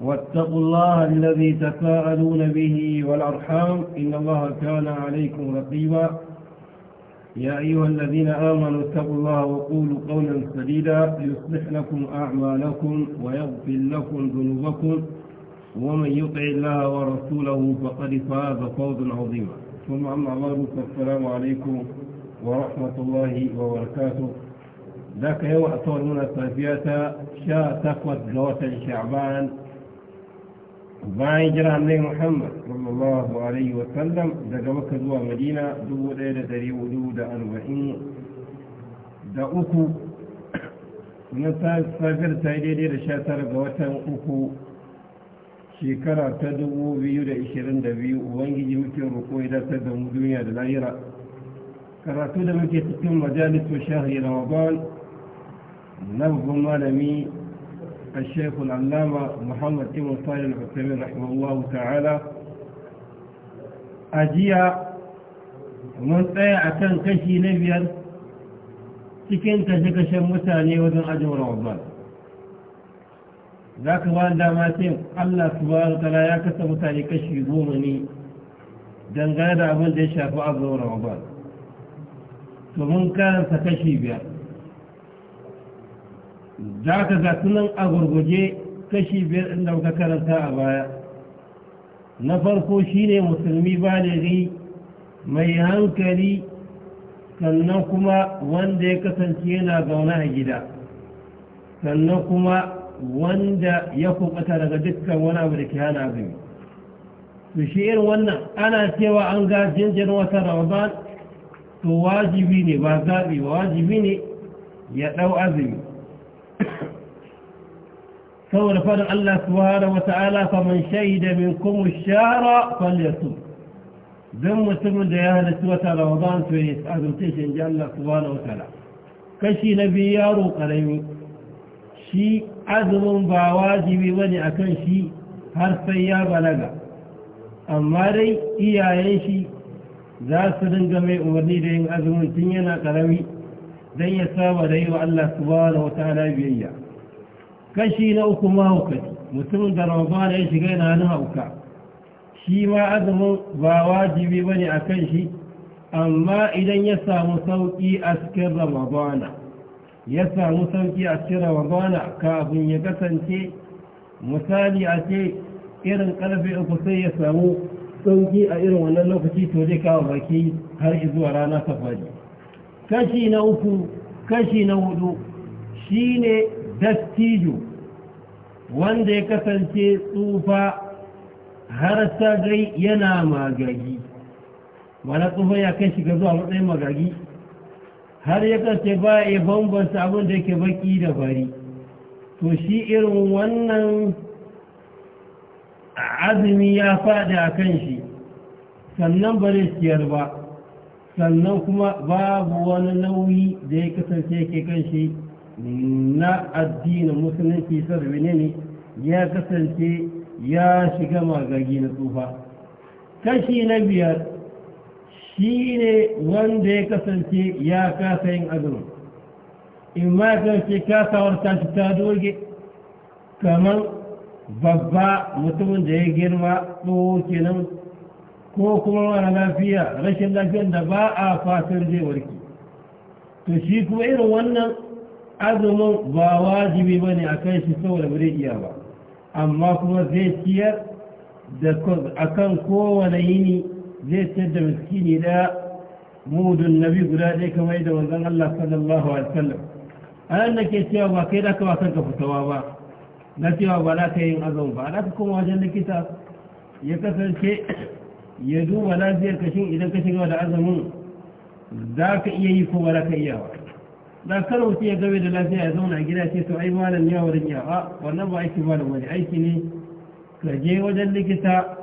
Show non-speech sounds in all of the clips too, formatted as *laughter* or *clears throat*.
واتقوا الله الذي تساءلون به والأرحام إن الله كان عليكم رقيبا يا أيها الذين آمنوا اتقوا الله وقولوا قولا سديدا يصلح لكم أعمالكم ويغفر لكم ذنوبكم ومن يطع الله ورسوله فقد فاز فوزا عظيما ثم أما بعد فالسلام عليكم ورحمة الله وبركاته ذاك يوم أطول من الصيفيات شاء تقوى جوات شعبان bayan jira annai muhammad sallallahu alaihi wa sallam daga maka zuwa madina dubu ɗaya da ɗari hudu da arba'in da uku na safiyar ta yi daidai da sha tara ga watan uku shekara ta dubu biyu da ishirin da biyu ubangiji muke roƙo ya dace da mu duniya da lahira karatu da muke cikin majalisu shahi ramadan na babban malami الشيخ العلامة محمد إبن صالح العثيمين رحمه الله تعالى أجيا من تأي أكن كشي نبيا سكين تشك شمساني وذن أجو رمضان ذاك وان داماتين الله سبحانه وتعالى يكس مساني كشي بومني دنغادة أبن دي شافو أبو رمضان فمن كان سكشي بيا za ka ga sunan a gurguje kashi biyar ɗin da muka karanta a baya na farko shine musulmi baligi mai hankali sannan kuma wanda ya kasance yana zaune a gida sannan kuma wanda ya kubata daga dukkan wani abu da ke hana azumi su shi irin wannan ana cewa an ga jinjin wata ramadan to wajibi ne ba zaɓi ba wajibi ne ya ɗau azumi *coughs* saboda faɗin Allah subhanahu wa ta'ala faman shaida min ash-shara falyasum dan mutumin da ya halarci wata Ramadan su ya azumce shi inji Allah subhanahu wa ta'ala kashi na biyu yaro karami shi azumin ba wajibi bane akan shi har sai ya balaga amma dai iyayen shi za su dinga mai umarni da yin azumin tun yana karami don ya saba da yi wa Allah subhanahu wa ta'ala biyayya kashi na uku mahaukaci mutumin da ramadan ya shiga yana hannun hauka shi ma azumin ba wajibi ba ne a kan shi amma idan ya samu sauƙi a cikin ramadana ya samu sauƙi a cikin ramadana kafin ya kasance misali a ce irin ƙarfe uku sai ya samu sauƙi a irin wannan lokaci to zai kawo baki har zuwa rana safari kashi na uku kashi na hudu ne dattijo wanda ya kasance tsufa har sagai yana magagi wani tsufa ya kai shiga zuwa matsayin magagi har ya kasance ba ya bambanta abin da yake baki da bari to shi irin wannan azumi ya faɗi a kan shi sannan ba siyar ba sannan kuma babu wani nauyi da ya kasance ke kan shi na addinin musulunci sarbi ne ne ya kasance ya shiga magagi na tsufa kashi na biyar shi ne wanda ya kasance ya kasa yin azumi in ma ya kasance kasawar ta tashi ta doge kamar babba mutumin da ya girma tsohon kenan ko kuma mara lafiya rashin lafiyar da ba a fatar zai warke to shi kuma irin wannan azumin ba wajibi ba ne a kan shi saboda ba zai iya ba amma kuma zai ciyar a kan kowane yini zai ciyar da miskini daya mudun nabi guda ɗaya kamar da wanzan Allah sallallahu alaihi wasallam a nan da ke cewa ba kai da ka wasan ka fitawa ba na cewa ba za ka yin azumi ba za ka kuma wajen likita ya kasance ya duba lafiyar kashin idan ka shiga da azumin za ka iya yi ko ba ka iya ba da kar mutum ya gabe da lafiya ya zauna a gida ce to ai malam ya wurin ya a wannan ba aiki malam wani aiki ne ka je wajen likita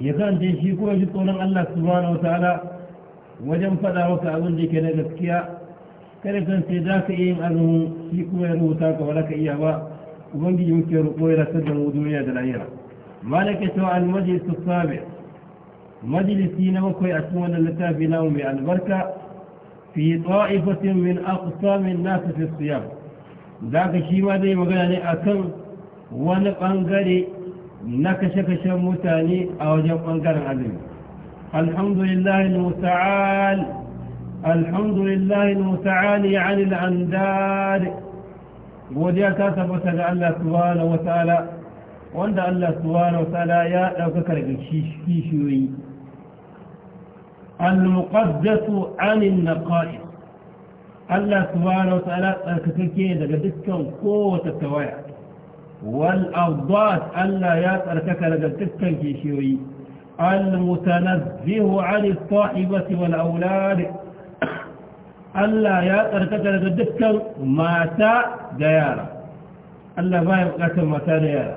ya kanta shi ko ji tsoron Allah subhanahu wataala wajen faɗa maka abin da ke na gaskiya kada kan sai za ka yin azumi shi kuma ya rubuta ka ba ka iya ba ubangiji muke roƙo ya rasar da mu duniya da lahira malaka cewa almaji su sabi مجلس مجلسي نوكي أتمنى لتاب نومي بركة في طائفة من أقسام الناس في الصيام ذاك شي ما دي مغاني يعني أكم ونقنقري نكشكش متاني أو جمقنقر عدم الحمد لله المتعال الحمد لله المتعال عن يعني الأندار وديا تاتا بوتاد الله سبحانه وتعالى وانت الله سبحانه وتعالى يا ذكرك شيش كيشوي شي المقدس عن النقائص الله سبحانه وتعالى كتكين دقا دكتن قوة التوايا والأرضات الله يتركك لقا دكتن كيشيوي المتنزه عن الصاحبة والأولاد الله يتركك لقا دكتن ماتا ديارا الله باهم قسم ماتا ديارا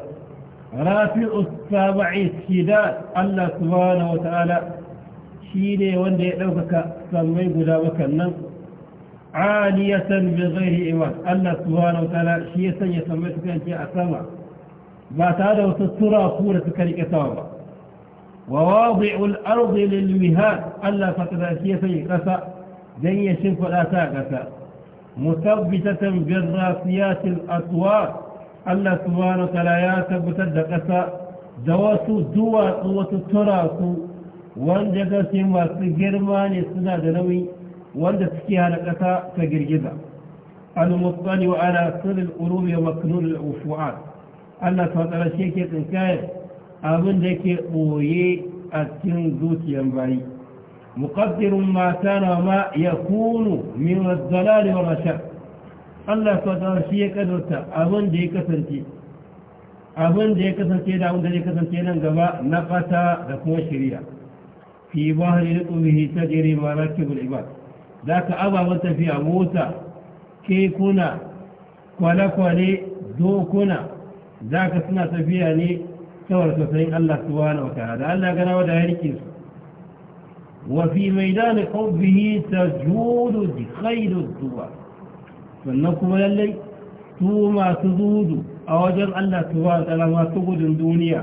رافع السابع السيدات الله سبحانه وتعالى shine wanda ya ɗaukaka sammai guda bakan nan aliyatan bi ghairi iwan Allah subhanahu wa ta'ala shi ya sanya sammai su yanke a sama ba tare da wata tura ko da suka rike sama ba wa wadi'u al ardi lil wihad Allah fatara shi ya sanya kasa dan ya shimfida ta kasa mutabbitatan bir al aswar Allah subhanahu wa ta'ala ya tabbatar da kasa da wasu duwatsu wasu tura ku wanda gaske masu girma ne suna da nauyi wanda suke hana ƙasa ta girgiza al-mutsali wa ala sirrin urumi wa maknun al-ufu'an Allah ta tsara shi ke tsinkayar abin da ke ɓoye a cikin zuciyar bayi muqaddirun ma kana ma yakunu min ad-dalal wa rashad Allah ta tsara shi ya kadarta abin da ya kasance abin da ya kasance da abin da ya kasance nan gaba na fata da kuma shari'a في بحر رقمه تجري مراكب العباد ذاك أبا وانت في أموتا كي كنا كولكولي دو كنا ذاك سنة فيها ني سورة سنين الله سبحانه وتعالى الله قنا ودا هلكيس وفي ميدان حبه تجود خير الدواء فنقم للي توما تزود أوجد الله سبحانه وتعالى ما تقود الدنيا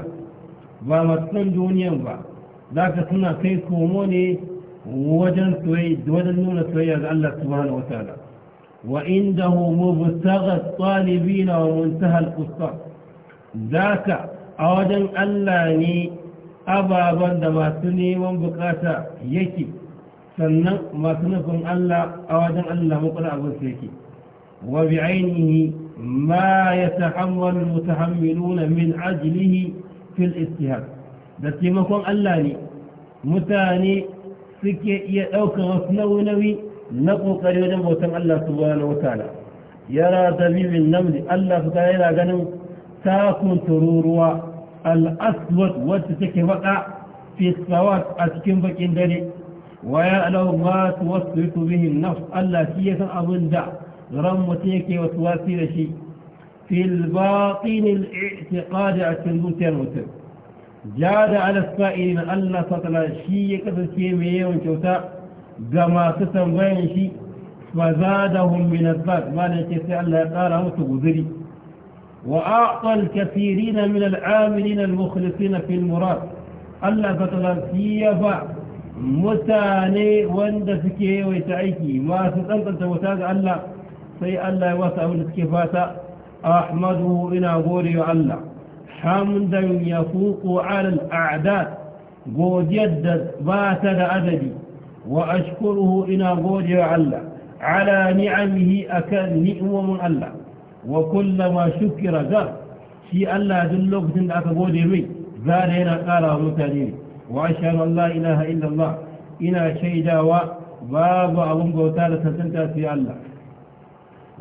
وما تسن دنيا وما دافقنا كيف كوموني وجن سويد وجن نون سويد الله سبحانه وتعالى وعنده مبتغى الطالبين ومنتهى القصص ذاك اوجن اللاني ابا بند ما سني من بقاتا يكي سنن ما سنكم الله اوجن الله مقل ابو وبعينه ما يتحمل المتحملون من عجله في الاجتهاد da taimakon Allah ne mutane suke iya ɗaukar wasu nauyi na ƙoƙari wajen bautan Allah su bane wata'ala yara zabibin namdi Allah su kare yana ganin takun tururuwa al'aswad wacce take faɗa fi sawat a cikin bakin dare wa ya alau ma su wasu riku bihin nafs Allah shi ya san abin da ran mutum yake wasu wasi da shi fil baƙinin i'tiƙadi a cikin zuciyar mutum جاد على السائلين ألا تطلع شيء كثير شيء ميون شوتا جما ستنبين شيء فزادهم من الزاد ما نكسي ألا يقال أو تغذري وأعطى الكثيرين من العاملين المخلصين في المراد ألا تطلع شيء فا متاني واند سكي ويتعيكي ما ستنت أنت وتاد ألا سي ألا يوسع من السكفات أحمده إلى غوري الله حمدا يفوق على الأعداد قود يدد بات أدبي وأشكره إنا قود يعلى على نعمه أكل نئوم الله وكلما شكر قر في الله ذلوك تنعك قود يمي هنا قال متانين وأشهد أن لا إله إلا الله إنا شيدا وبابا أبو وتالة سنتا في الله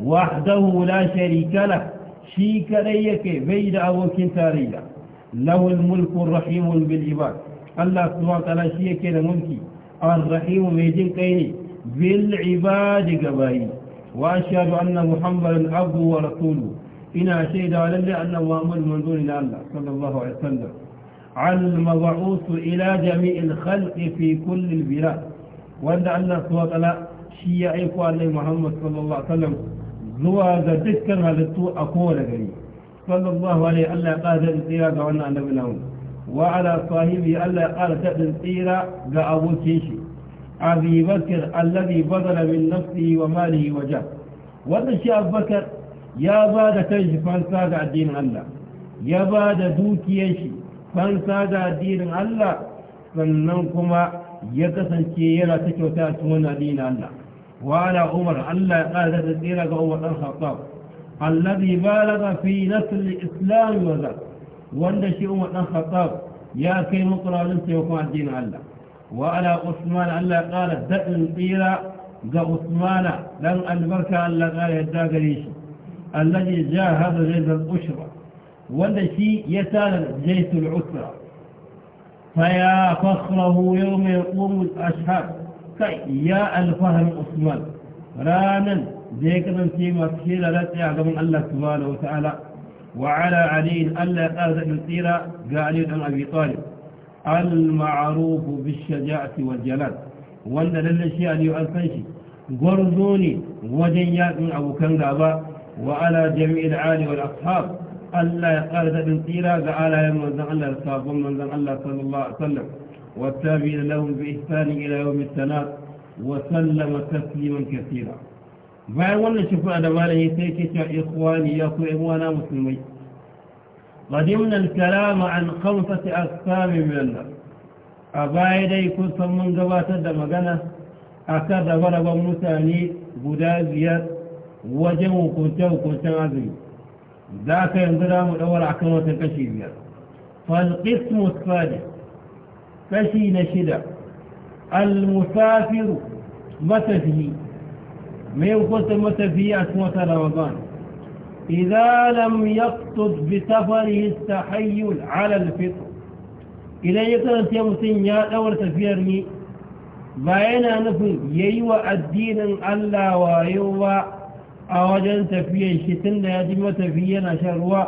وحده لا شريك له شيك ليك بيد أبوك تاريلا له الملك الرحيم بالعباد الله سبحانه وتعالى شيك لملكي الرحيم بيدين قيني بالعباد قبائي وأشهد أن محمد عبد ورسوله إنا شهد على الله أن مؤمن من دون الله صلى الله عليه وسلم على المبعوث إلى جميع الخلق في كل البلاد وأن الله سبحانه وتعالى شيء أيقوا محمد صلى الله عليه وسلم zuwa ga dukkan halittu a kowane gari sallallahu alaihi Allah ya ƙara daɗin tsira ga wannan annabi namu wa ala sahibi Allah ya ƙara daɗin tsira ga abokin shi abi bakir allazi badala min nafsihi wa malihi wa jah wannan shi abubakar ya ba da kanshi fansa ga addinin Allah ya ba da dukiyar shi fansa ga addinin Allah sannan kuma ya kasance yana ta kyauta a cikin wannan addinin Allah وعلى عمر ألا قال تدير عمر الخطاب الذي بالغ في نسل الإسلام وذاك وأن شيء عمر الخطاب يا كي مقرأ لنت الدين الله وعلى عثمان ألا قال دأن قيرا قا عثمان لن البركة ألا قال يداك ليش الذي جاهد غير البشرى وأن شيء يتالى جيش العسرى فيا فخره يوم يقوم الأشهاد يا الفهم عثمان رانا ذيك من في مسكيل التي عظم الله سبحانه وتعالى وعلى علي ألا يقال ذلك السيرة قال عن أبي طالب المعروف بالشجاعة والجلال وأن للشيء أن يؤثر شيء قرزوني وجيات من أبو كنغابا وعلى جميع العالي والأصحاب ألا يقال ذلك السيرة قال يا من ذن الله صلى الله عليه وسلم والتابعين لهم بإحسان إلى يوم التناد وسلم تسليما كثيرا فأولا شفاء دواله سيكتا إخواني يقول إخوانا مسلمي قدمنا الكلام عن خمسة أقسام من الله أبايدا يكون صمم قبات الدمغنة أكاد غرب مساني بدازيا وجم كنت وكنت عظيم ذاك ينظرام الأول عكمة الكشيبية فالقسم الصادق فشي نشدا المسافر متى فيه mai hukunta متى فيه cikin wata إذا لم يقصد بسفره التحيل على الفطر إذا يكن سيمسين يا أول تفيرني باينا نفن ييوى الدين ألا ويوى أوجن تفيا شتن لا يجب تفيا شروا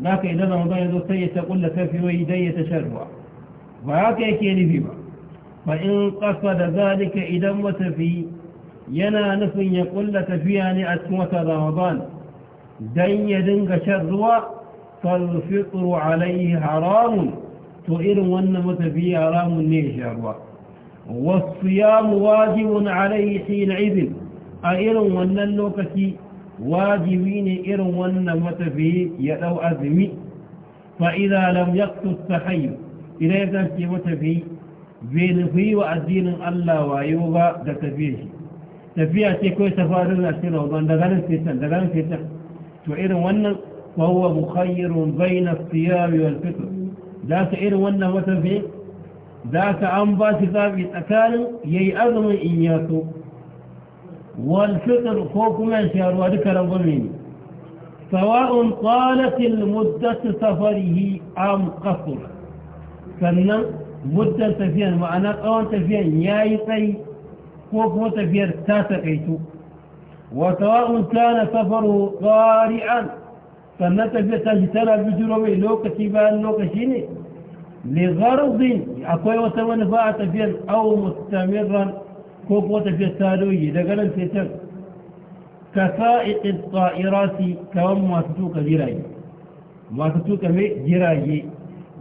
لكن إذا رمضان يزو سيتقول لك في ويدي تشروا ba haka yake nufi ba fa in ƙasa da zalika idan matafi yana nufin ya ƙulla tafiya ne a cikin wata ramadan don ya dinga shan ruwa falfitru alaihi haramun to irin wannan matafi haramun ne ya sha ruwa wasu ya wajibun alaihi shi na izin a irin wannan lokaci wajibi ne irin wannan matafi ya ɗau azumi فإذا لم يقصد تحيب idan ya kasance matafi bai nufi wa addinin Allah wayo ba da tafiya shi tafiya ce kawai ta faru na shi roban da ganin fitan da ganin fitan to irin wannan wawa mukhayyirun bayna siyami wal fitr za ka irin wannan matafi za ka an ba shi zaɓi tsakanin yayi azumin in ya so wal fitr ko kuma ya sha ruwa duka rangwame ne sawa'un qalat al muddat safarihi am qasura sannan muddan tafiyar ma'ana tsawon tafiyar ya yi tsayi ko kuma tafiyar ta taƙaitu وسواء كان سفره قارعا فلنتبه تجتنى بجرمه لوكتي بان لوكشيني لغرض أكوي وتمنى فاعة تفير أو مستمرا كوكوة تفير تالوي لقنا الفتر كفائق الطائرات كوام ما جراي ما جراي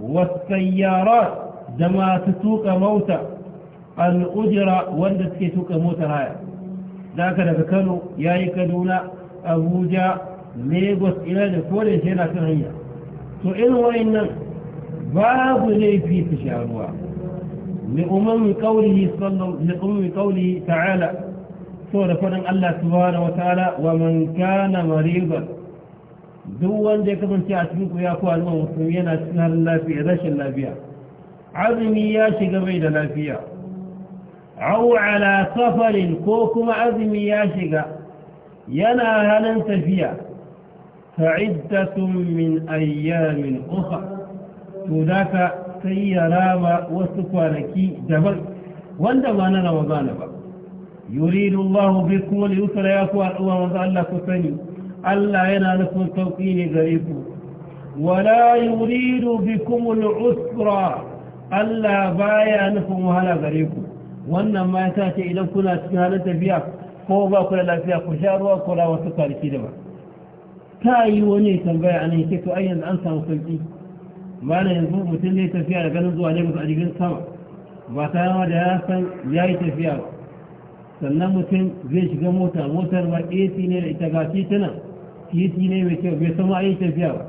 والسيارات دما تسوق موتا الأجرة وندس كيسوق موتى هاي ذاك ذاك كانوا ياي أبوجا ليغوس إلى دكولة شينا كرهية إن وإن باب لي في تشاروا لأمم قوله صلى لأمم قوله تعالى سورة فرن الله سبحانه وتعالى ومن كان مريضا duk wanda ya kasance a cikin ku ya ku al'umma musulmi yana cikin halin lafiya rashin lafiya azumi ya shiga bai da lafiya au ala safarin ko kuma azumi ya shiga yana halin tafiya fa'iddatun min ayyamin ukhra to daka sai ya rama wasu kwanaki daban wanda ba na ramadana ba yuridu Allah bikum al-yusra ya ku al'umma manzo Allah ku sani الله العنى لكم التوقين ذريف ولا يريد بكم العسرة الله بايا لكم هلا ذريف وأنما يتاتي إلى كنا تكهنا تبيع فوضا كلا لا فيها خشار وكلا وسكر كدما تاي وني تنبايا أن يكتو أيا أنسى وصلتي ما لا ينظر متلي تفيع لكنا نزو عليك وعليك السماء ما كان ما جهاسا ياي تفيع سنمتن زيش قموتا موتا وإيتي نير إتقاتي تنم titi ne mai kyau bai san ma yi tafiya ba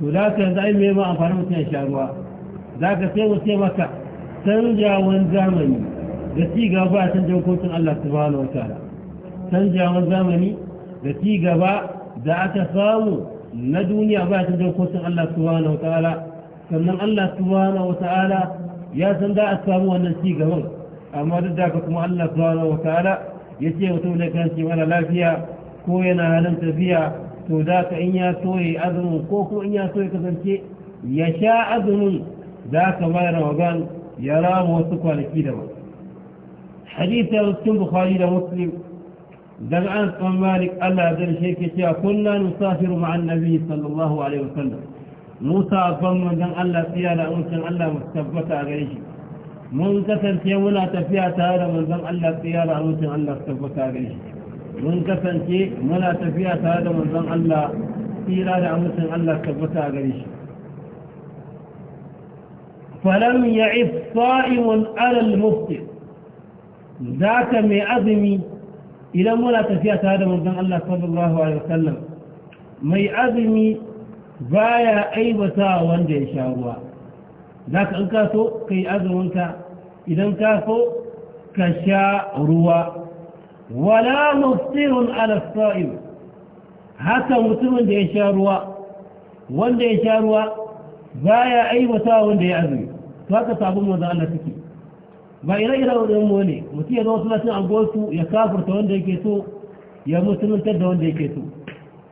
to da ka yanzu ai mai ma amfani mutum ya sha ruwa za ka sai wace maka canjawan zamani da ci gaba a canja hukuncin Allah subhanahu wa ta'ala canjawan zamani da ci gaba da aka samu na duniya ba a canja hukuncin Allah subhanahu wa ta'ala sannan Allah subhanahu wa ta'ala ya san za a samu wannan ci gaban amma duk da ka kuma Allah subhanahu wa ta'ala ya ce mutum da kan ce mana lafiya ko yana halin tafiya to da ka in ya soye ya azumin ko kuma in ya soye kasance ya sha azumin za ka mai ramadan ya rama wasu kwanaki da ba hadisar sun bukhari da muslim dan an san malik allah da zai sheke cewa kunna nusafiru ma annabi sallallahu alaihi wasallam musa ban manzon allah tsiya da amincin allah mu tabbata a gare shi mun kasance muna tafiya tare da manzon allah tsiya da amincin allah tabbata a gare shi mun kasance muna tafiya tare da manzon Allah tsira da amincin Allah tabbata a gare shi falam ya'if sa'imun alal mufti zaka mai azumi idan muna tafiya tare da manzon Allah sallallahu alaihi wasallam mai azumi baya aibata wanda ya sha ruwa zaka in ka so kai azuminka idan ka so ka sha ruwa wala muftirun ala sa'im haka mutumin da ya sha ruwa wanda ya sha ruwa baya aiwata wanda ya azumi to haka sabon manzo Allah take ba ira ira wannan mu ne mutum ya zo sunan angosu ya kafurta wanda yake so ya ta da wanda yake so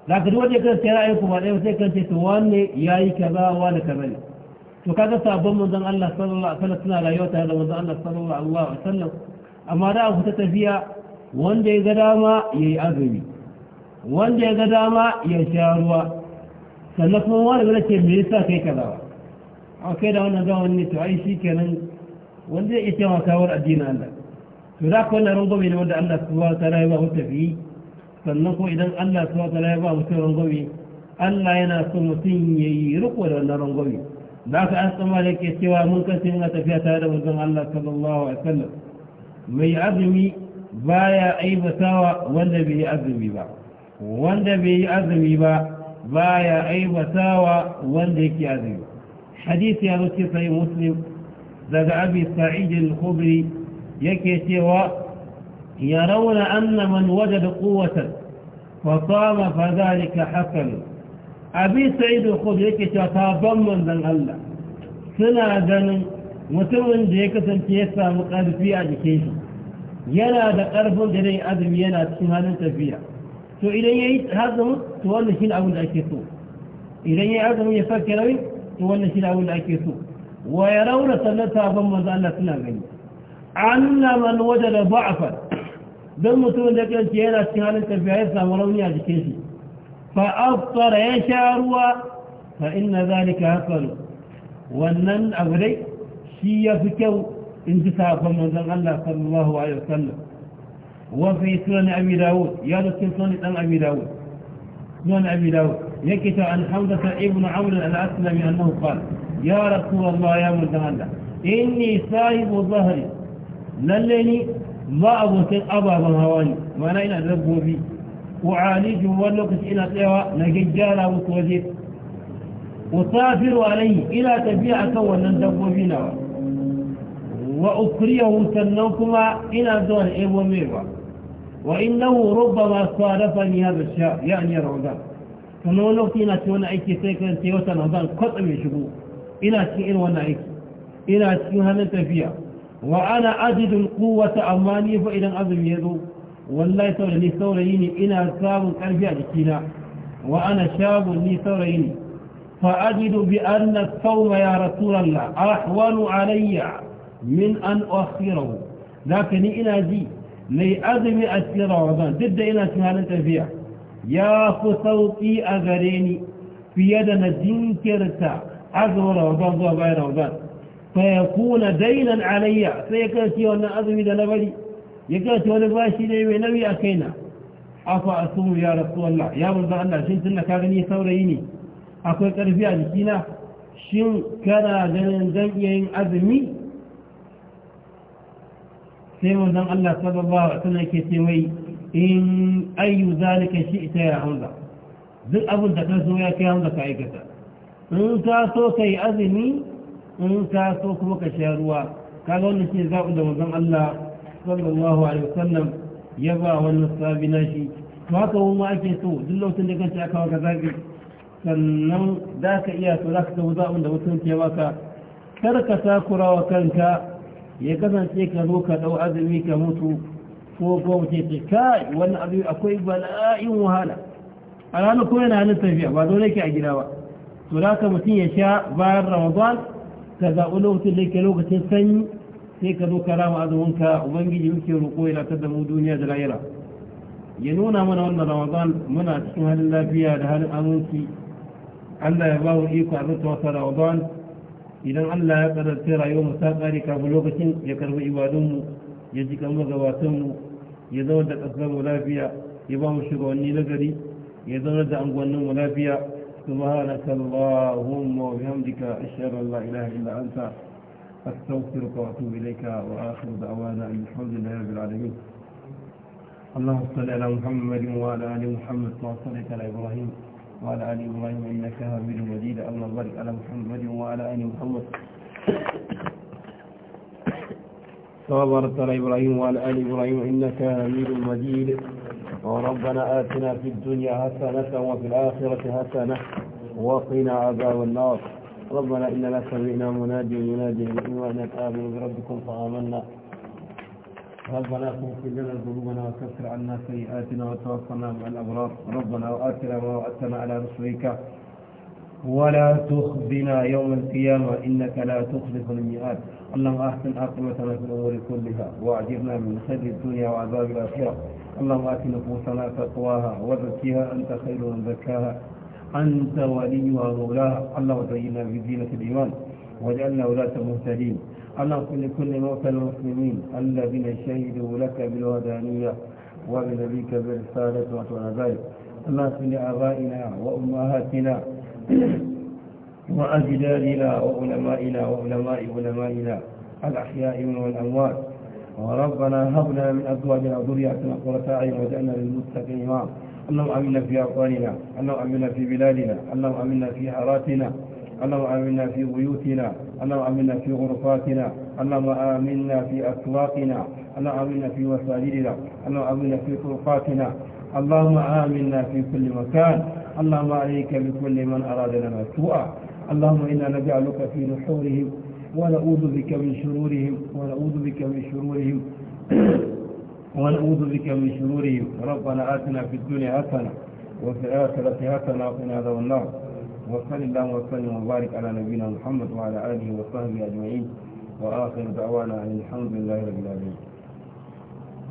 da ka duwaje kan sai ra'ayi ba ɗaya sai kan ce to wanne yayi kaza wani kaza ne to kaga sabon manzon Allah sallallahu alaihi wasallam suna rayuwa tare da manzon Allah sallallahu alaihi wasallam amma da ku ta tafiya wanda ya ga dama ya yi azumi wanda ya ga dama ya sha ruwa sannan kuma wani zai ce me yasa kai kaza ba a kai da wannan zama ne to ai shi kenan wanda zai iya cewa kawar addini Allah to da kuma rangwame ne wanda Allah su wa ta ya ba mu tafi sannan ko idan Allah su wa ta rayu ba ta rangwame Allah yana so mutum ya yi riko da wannan rangwame da aka an tsama da yake cewa mun kasance muna tafiya tare da manzon Allah sallallahu alaihi wasallam mai azumi baya aibatawa wanda bai yi azumi ba wanda bai yi azumi ba baya aibatawa wanda yake azumi hadisi ya zo ce sai muslim daga abi sa'id al-khudri yake cewa يرون أن من وجد قوة فصام فذلك حسن أبي سعيد الخضر يكي تضمن ذن الله سنة ذن متمن ديكة تيسا مقاد في أجكيشن yana da ƙarfin da zai azumi yana cikin halin tafiya to idan ya yi azumin to wannan shi abin da ake so idan ya yi azumin ya farke rawi to wannan shi abin da ake so wa ya rauna sannan sabon manzo Allah suna gani anna man wajada ba'fan dan mutumin da kanci yana cikin halin tafiya ya samu rauni a jikin shi fa aftara ya sha ruwa fa inna zalika hasalu wannan abu dai shi ya fi kyau إن جسها فمن الله صلى الله عليه وسلم وفي سنن أبي داود يرسل سنن أبي داود سنن أبي داود يكت عن حمزة ابن عمر الأسلم أنه قال يا رسول الله يا مزهلا إني سايب ظهري لليني ما أبوتك أبا من هواني ما نين أدربه بي أعالج ولقس إلى طيوة نججالا متوزير عليه إلى تبيع كونا ندبه بي نواه وأكريه تنوكما إلى دون إب وميبا وإنه ربما صارفني هذا الشاء يعني رعدا فنولو كينا تونا إيكي سيكرا تيوتا نهضان قطع من شبو إلى تكين وانا إلى تكينها من وأنا أجد القوة أماني فإلى أظم يدو والله تولى لي ثوريني إلى ساب كربيا لكينا وأنا شاب لي ثوريني فأجد بأن الثوم يا رسول الله أحوال علي من أن أخيره لكن إلى ذي لي أدمي أسير رمضان ضد إلى سهل تبيع يا فصوتي أغريني في يد يدنا كرتا أزور رمضان ذو غير رمضان فيكون دينا علي فيكاتي وانا أدمي دلبري يكاتي وانا باشي لي نبي أكينا أفا أصوم يا رسول الله يا رب الله شنت لك أغني ثوريني أقول كرفي على الجنة shin جنزين أدمي sai manzon Allah sallallahu alaihi wasallam yake ce wai in ayu zalika ita ya hamza duk abin da ka so ya kai hamza ka aikata in ka so kai azumi in ka so kuma ka sha ruwa kaga wannan shi zaɓi da manzon Allah sallallahu alaihi wasallam ya ba wannan sabi nashi to haka wani ake so duk lokacin da ka ci aka waka zaɓi sannan za ka iya so za ka tafi zaɓin da mutum ke baka kar ka takura wa kanka ya kasance ka zo ka ɗau azumi ka mutu ko kuma ce ce kai wannan azumi akwai bala'in wahala a ranar ko yana hannun tafiya ba zo ke a gida ba to da ka mutum ya sha bayan ramadan ka zaɓi lokacin da yake lokacin sanyi sai ka zo ka rama azumin ka ubangiji muke roƙo ya latar da mu duniya da lahira ya nuna mana wannan ramadan muna cikin halin lafiya da halin aminci allah ya ba mu iko a rantsa ramadan idan Allah ya karanta rayuwar ta kare kafin lokacin ya karbi ibadunmu ya ji kan magabatanmu ya zama da ƙasar mu lafiya ya ba mu shugabanni na gari ya zama da anguwannin mu lafiya سبحانك اللهم وبحمدك أشهد أن لا إله إلا أنت أستغفرك وأتوب إليك وآخر دعوانا أن الحمد لله رب العالمين اللهم صل على محمد وعلى آل محمد كما صليت على إبراهيم وعلى آل إبراهيم إنك حميد مجيد اللهم بارك على محمد وعلى آل محمد كما بارك على إبراهيم وعلى آل إبراهيم إنك حميد مجيد وربنا آتنا في الدنيا حسنة وفي الآخرة حسنة وقنا عذاب النار ربنا إننا سمعنا مناديا ينادي بالإيمان آمنوا بربكم فآمنا ربنا اغفر لنا ذنوبنا وكفر عنا سيئاتنا وتوفنا مع الابرار ربنا واتنا ما وعدتنا على رسلك ولا تخزنا يوم القيامة إنك لا تخلف الميعاد اللهم أحسن عاقبتنا في الأمور كلها وأعجبنا من خير الدنيا وعذاب الآخرة اللهم آت نفوسنا تقواها وزكها أنت خير من زكاها أنت وليها ومولاها اللهم زينا زينه الإيمان واجعلنا ولاة مهتدين اللهم صل لكل موتى المسلمين الذين شهدوا لك بالودانية وبنبيك برسالة وعلى ذلك اللهم صل لآبائنا وأمهاتنا *clears throat* وأجدادنا وعلمائنا وعلماء علمائنا الأحياء والأموات وربنا هب لنا من أزواجنا وذرياتنا قرة أعين واجعلنا للمتقين إمام اللهم آمنا في أوطاننا اللهم آمنا في بلادنا اللهم آمنا في حاراتنا اللهم آمنا في بيوتنا اللهم آمنا في غرفاتنا اللهم آمنا في أسواقنا اللهم آمنا في مساجدنا اللهم آمنا في طرقاتنا اللهم آمنا في كل مكان اللهم عليك بكل من أراد لنا سوءا اللهم إنا نجعلك في نحورهم ونعوذ بك من شرورهم ونعوذ بك من شرورهم *clears throat* ونعوذ بك من شرورهم ربنا آتنا في الدنيا حسنة وفي الآخرة حسنة وقنا عذاب النار وصل الله وسلم وبارك على نبينا محمد وعلى اله وصحبه اجمعين واخر دعوانا ان الحمد لله رب العالمين